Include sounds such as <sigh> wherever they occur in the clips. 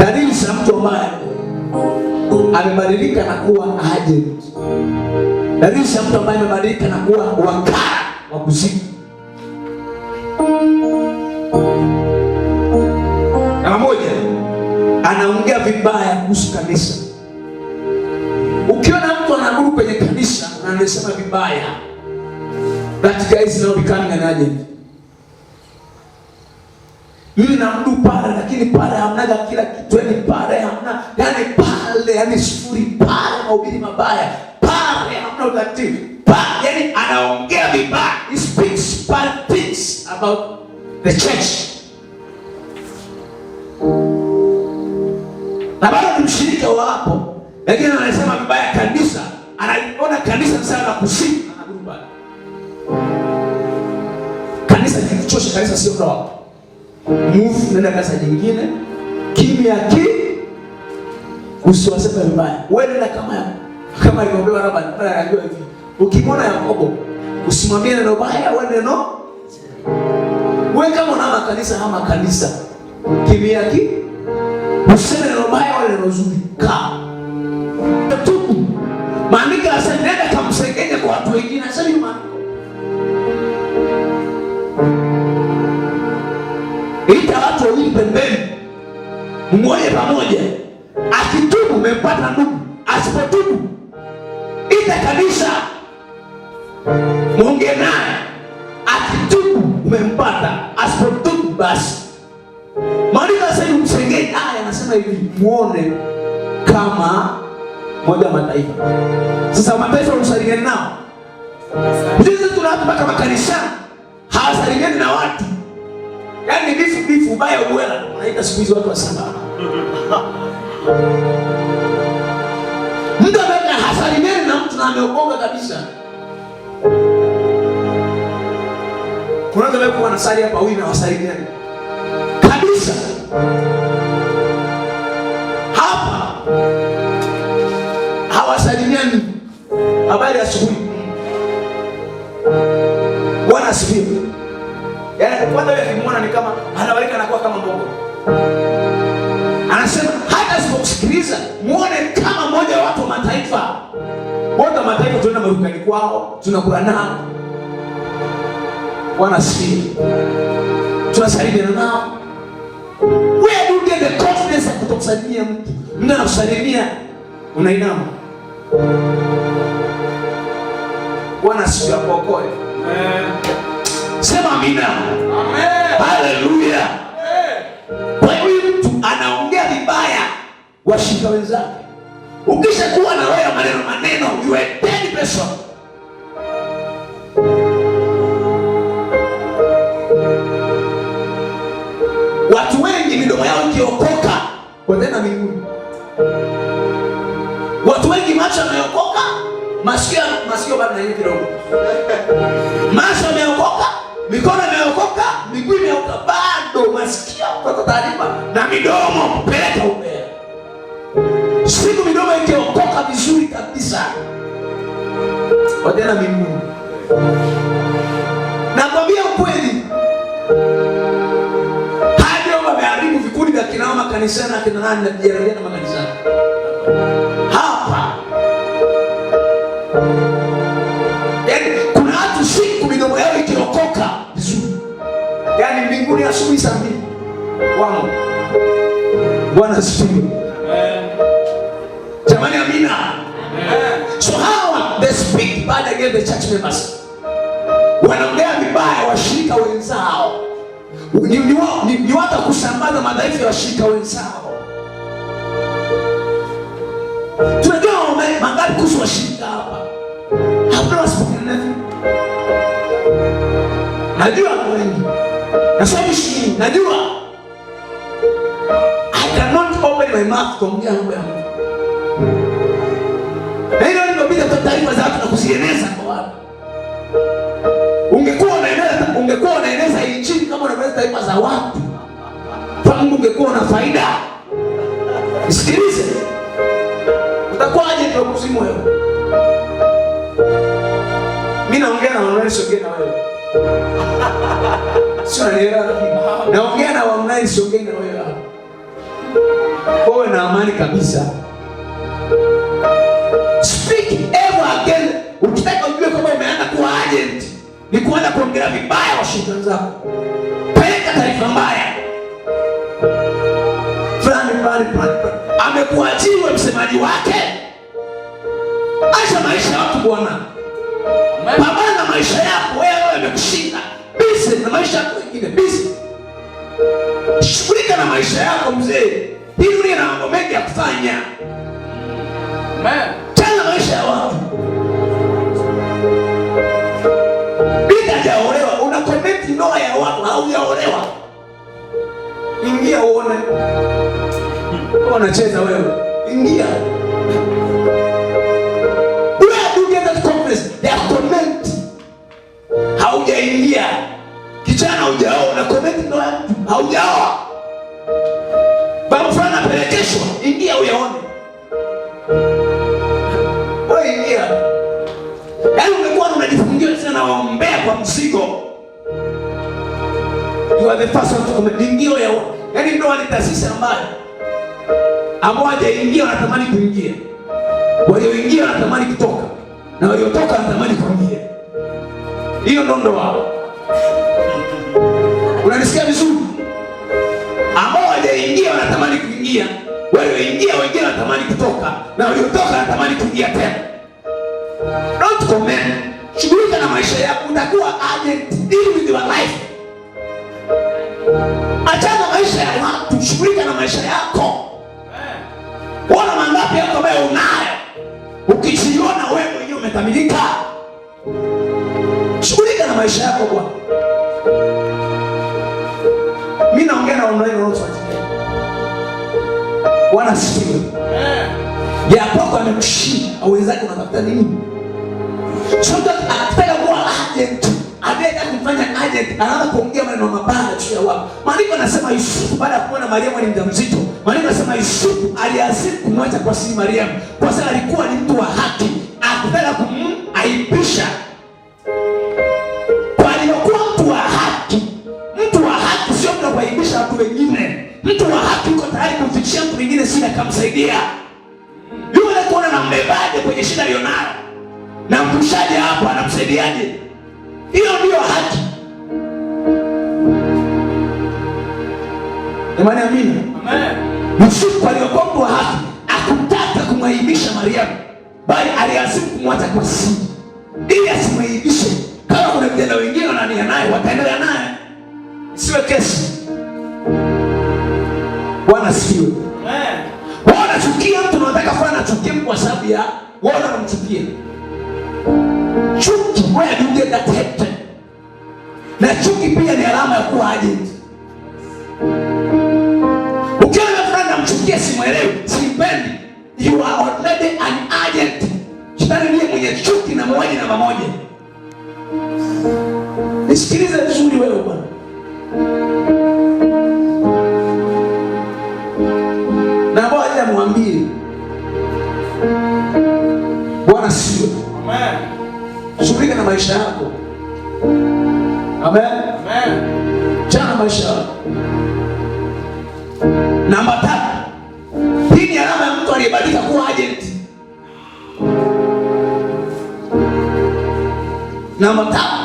Dalili za mtu ambaye amebadilika na kuwa agent, dalili za mtu ambaye amebadilika na kuwa wakala wa kuzimu. Namba moja, anaongea vibaya kuhusu kanisa. Ukiona mtu anaguru kwenye kanisa na anasema vibaya, that guy is now becoming an agent huyu na mdu pale, lakini pale hamnaga kila kitu, kitweni yaani pale hamna, yani pale, yani sifuri pale, mahubiri mabaya pale, hamna utakatifu pale, yani anaongea vibaya, he speaks bad things about the church na bado ni mshirika wa hapo, lakini anasema vibaya kanisa, analiona kanisa sana la kusifu, anadumba kanisa kilichosha kanisa sio kwa wapo move, nenda kazi nyingine, kimya ki usiwaseme vibaya. Wewe nenda kama ya kama ilivyopewa Labani, bali anajua hivi. Ukimwona Yakobo usimwambie neno baya, wewe neno wewe, kama una kanisa ama kanisa, kimya ki useme neno baya, wewe neno zuri, kaa tupu. Maandiko yasema nenda kamsengenye kwa watu wengine, asema mngoje pamoja. Akitubu umempata ndugu, asipotubu ita kanisa mwonge naye. Akitubu umempata, asipotubu basi. Maandiko sasa msengeni, aya anasema hivi, muone kama moja mataifa. Sasa mataifa usalimiani nao sisi tunawatu kama makanisa hawasalimiani na watu, yaani bifu bifu ubaya uwela unaita siku hizi watu wa sababu mtu ambaye hasalimiani na mtu na ameokoka kabisa. Kuna watu ambao wanasali hapa huyu na kabisa hapa, hawasalimiani. Habari ya asubuhi, Bwana asifiwe. Yaani kwanza yeye kimwona ni kama anawaika anakuwa kama mbogo kusikiliza, muone kama mmoja wa watu wa mataifa. Wote wa mataifa tunaenda marukani kwao, tunakula nao, wana wanasi tunasalimiana nao. Where do you get the confidence ya kutokusalimia mtu? Mtu anakusalimia unainama, Bwana siku akuokoe. Sema amina, haleluya. washika wenzake. Ukisha kuwa na roho ya maneno maneno, iwekeni pesa Watu wengi midomo yao ikiokoka wanaenda mbinguni. Watu wengi macho yameokoka, masikio masikio bado na kidogo. <laughs> Macho yameokoka, mikono yameokoka, miguu imeokoka, bado masikio kwa taarifa na midomo peleka siku midogo ikiokoka vizuri kabisa, watena mimu. Nakwambia ukweli, hadi leo wameharibu vikundi vya kina mama kanisani na kina nani na vijana na makanisani hapa, yaani kuna watu siku midogo yao ikiokoka vizuri, yaani mbinguni asubuhi saa mbili wao Bwana sifiwe. speak bad against the church members, wanaongea vibaya washirika wenzao, ni wata kusambaza madhaifu ya washirika wenzao. Tunajua mangapi kuhusu washirika hapa, hakuna wasipokinanavi, najua wengi nasaishi, najua I cannot open my mouth kuongea mambo ya Mungu na hilo limebidi kwa taarifa kuzieneza kwa watu. Ungekuwa unaeneza ungekuwa unaeneza injili kama unaeneza taifa za watu, tangu ungekuwa una faida. Sikilize, utakuwaje ndio kuzimu wewe? Mimi naongea na wanaelewa, sio na wewe. <laughs> Sio naelewa, naongea na wanaelewa, sio na wewe. Wewe na amani kabisa. Speak ever again Ukitaka ujue kama umeanza kuwa agent ni kuanza kuongelea vibaya wa washindani zako. Peleka taarifa mbaya fulani fulani fulani amekuajiriwa msemaji wake. Acha maisha ya watu bwana, pambana na maisha yako wewe. Amekushinda bisi na maisha yako wengine bisi, shughulika na maisha yako mzee. Hii dunia na mambo mengi ya kufanya tena maisha ya watu Umeolewa, ingia uone. Wanacheza wewe, ingia Haujaingia kijana, hujaoa comment ndoa, haujaoa baba fulani apelekeshwa, ingia uyaone. Wewe ingia, yaani ungekuwa unajifungia tena, waombea kwa mzigo wamepaswa ni ndio ya yaani, ndio wale taasisi ambayo ambao hajaingia wanatamani kuingia, walioingia wanatamani kutoka, na waliotoka wanatamani kuingia. Hiyo ndio ndoa wao. Unanisikia vizuri? Ambao hajaingia wanatamani kuingia, walioingia wengine wanatamani kutoka, na waliotoka wanatamani kuingia tena. Don't comment, shughulika na maisha yako, utakuwa agent, deal with your life Achana maisha ya watu, shughulika na maisha yako. Ona mangapi yako ambayo unayo, ukijiona wewe mwenyewe umekamilika. Shughulika na maisha yako bwana. Mimi naongea na online wote. Bwana asifiwe. Ya kwako amekushinda, au unatafuta nini? Sometimes akitaka kuwa agent anayetaka kufanya aje anaanza kuongea maneno mabaya juu ya wao. Maandiko anasema Yusufu baada ya kuona Mariamu ni mjamzito, maandiko anasema Yusufu aliasi kumwacha kwa si Mariamu kwa sababu alikuwa ni mtu wa haki, akutaka kumaibisha kwa aliokuwa mtu wa haki. Mtu wa haki sio mtu wa kuaibisha watu wengine. Mtu wa haki uko tayari kumfichia mtu mwingine shida akamsaidia. Yule kuona na mbebaje kwenye shida aliyonayo na mkushaje hapo, anamsaidiaje? Hiyo ndiyo haki. Jamani, amina. Yusufu aliokuwa mtu wa haki akutaka kumwaibisha Mariamu, bali aliazimu kumwacha kwa siri ili asimwaibishe. Kama kuna vijana wengine wanania naye, wataendelea naye, siwe kesi. Bwana siwe wao, nachukia mtu, nataka fana nachukia kwa sababu ya wao, namchukia chuki, where do you get that hatred? Na chuki pia ni alama ya kuwa agent. Ukiona mtu namchukia, simwelewi, simpendi, you are already an agent. Shetani ndiye mwenye chuki na mauaji namba moja. Nisikilize vizuri wewe bwana. maisha yako. Amen. Amen. Chana maisha yako. Namba tatu. Hii ni alama ya mtu aliyebadilika kuwa agent. Namba tatu.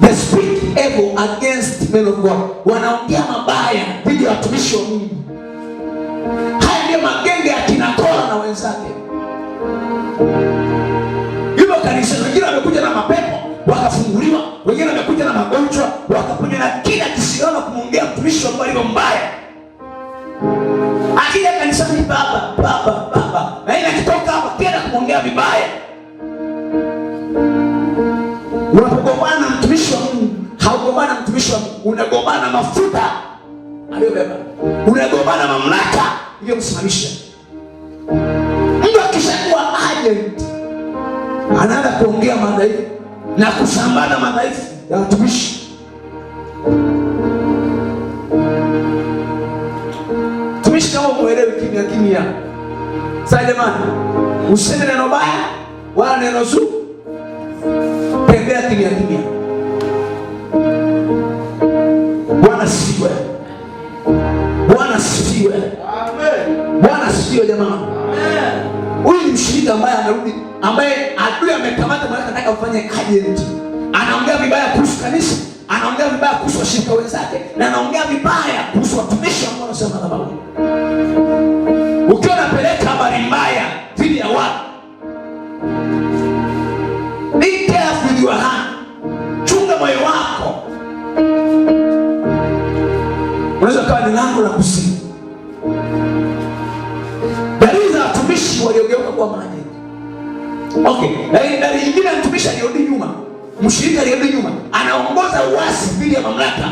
They speak evil against men of God. Wanaongea mabaya dhidi ya watumishi wa Mungu. Haya ndio magenge ya kinatora na wenzake wamekuja na mapepo wakafunguliwa, wengine wamekuja na magonjwa wakakuja na kila kisiona kumwongea mtumishi wa Mungu alivyo mbaya. Akija kanisani, baba baba baba, na ile akitoka hapa tena kumwongea vibaya. Unapogombana na mtumishi wa Mungu, haugombana na mtumishi wa Mungu, unagombana mafuta aliyobeba, unagombana mamlaka iliyomsimamisha. anaanza kuongea madhaifu na kusambaza madhaifu ya watumishi. Mtumishi kama mwelewe kimya kimya. Sasa jamani, useme neno baya wala neno zuri, tembea kimya kimya. Bwana siwe Bwana siwe Amen. Bwana siwe jamani. Huyu ni mshirika ambaye anarudi ambaye amekamata mwanamke anataka mfanye kajenti, anaongea vibaya kuhusu kanisa, anaongea vibaya kuhusu washirika wenzake, na anaongea vibaya kuhusu watumishi Mungu wanasema madhabahu. Ukiwa unapeleka habari mbaya dhidi ya watu, be careful with your chunga moyo wako. Unaweza ni lango la Dalili za watumishi waliogeuka kuwa maajini Okay, na dalili nyingine mtumishi alirudi nyuma, mshirika alirudi nyuma, anaongoza uasi dhidi ya mamlaka.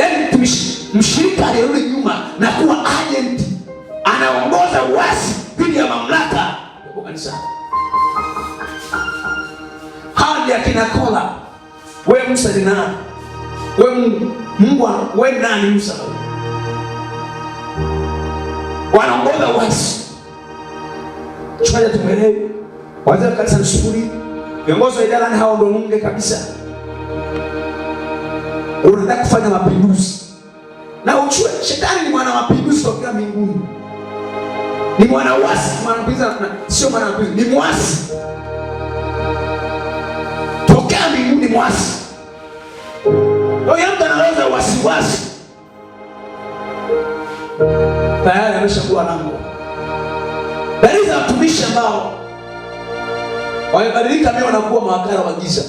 Yaani mtumishi mshirika alirudi nyuma na kuwa agent, anaongoza uasi dhidi ya mamlaka kwa kanisa. Hadi akina Kola, we Musa ni nani? We Mungu, Mungu we nani Musa? Wanaongoza uasi Tukaja tumwelewe. Wazee wa kanisa mshughuli, viongozi wa idara hao ndio munge kabisa. Unataka kufanya mapinduzi. Na ujue shetani ni mwana mapinduzi tokea mbinguni. Ni mwana uasi, mwana mapinduzi sio mwana mapinduzi, ni mwasi. Tokea mbinguni mwasi. Kwa hiyo mtu anaweza wasiwasi. Tayari ameshakuwa nangu watumishi ambao wamebadilika mimi wanakuwa mawakala wa giza,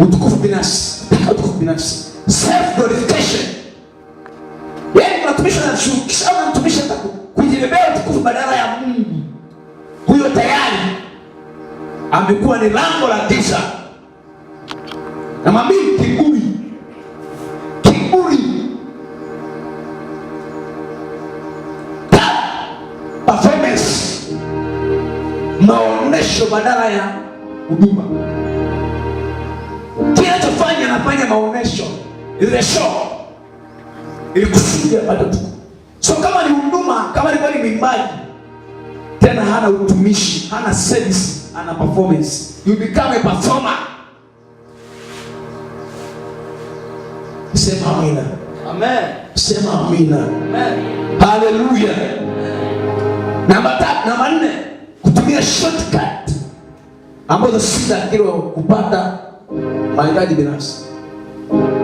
utukufu binafsi, utukufu binafsi, self glorification. Yeye yaani mtumishi anashukisha au mtumishi kujibebea utukufu badala ya Mungu, huyo tayari amekuwa ni lango la giza, Na namwambia kiburi maonesho badala ya huduma. Kinachofanya anafanya maonesho, ile show ili kusudia pato tu. So kama ni huduma, kama ni ni mwimbaji tena, hana utumishi, hana service, hana performance, you become a performer. Sema amina. Amen. Sema amina. Amen. Hallelujah. Amen. Namba tatu, namba nne kutumia shortcut ambazo si za hilo kupata mahitaji binafsi,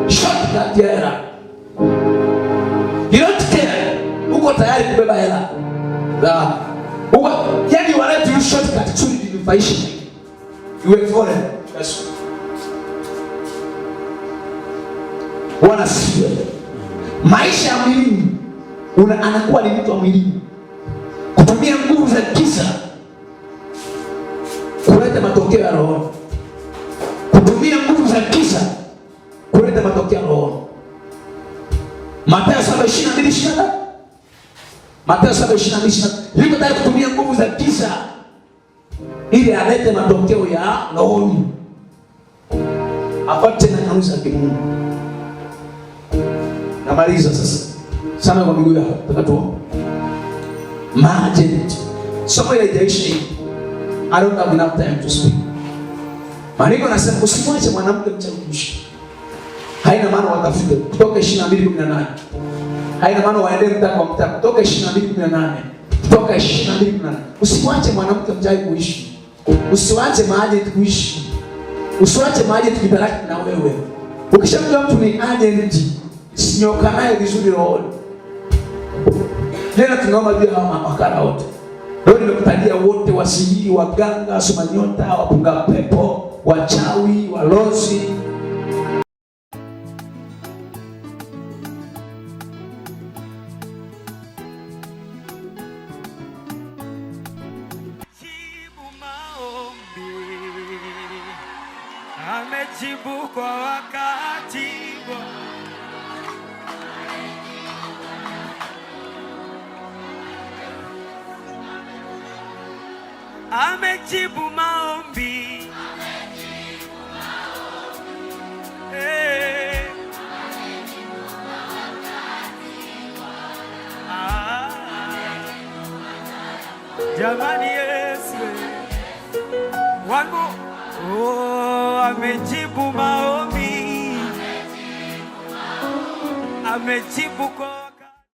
shortcut ya hela. You don't care, uko tayari kubeba hela da, uko yani wale tu shortcut tu nilifaisha iwe foreign that's wana siwe maisha ya mwilini, anakuwa ni mtu wa mwilini kuleta matokeo ya rohoni, kutumia nguvu za kisa kuleta matokeo ya rohoni. Mathayo 7:22 Mathayo 7:22 liko tayari kutumia nguvu za kisa ili alete matokeo ya rohoni, apate na kanuni za kimungu. Namaliza sasa sana kwa miguu yako, tuombe. Maagent somo ile haijaisha I don't have enough time to speak. Maandiko nasema usimwache mwanamke mchangamshi. Haina maana watafute kutoka 22:18. Haina maana waende mtaa kwa mtaa kutoka 22:18. Kutoka 22:18. Usimwache mwanamke mjai kuishi. Usiwache maji tukuishi. Usiwache maji tukibaraki na wewe. Ukishamjua mtu ni agent, sinyoka naye vizuri roho. Leo tunaomba juu ya hawa makara wote. Leo nimekutajia wote wasihiri, waganga, somanyota, wapunga pepo, wachawi, walozi amejibu maombi, eh. amejibu ah. maombi. jamani, Yesu wangu maombi, oh, amejibu maombi. Amejibu kwa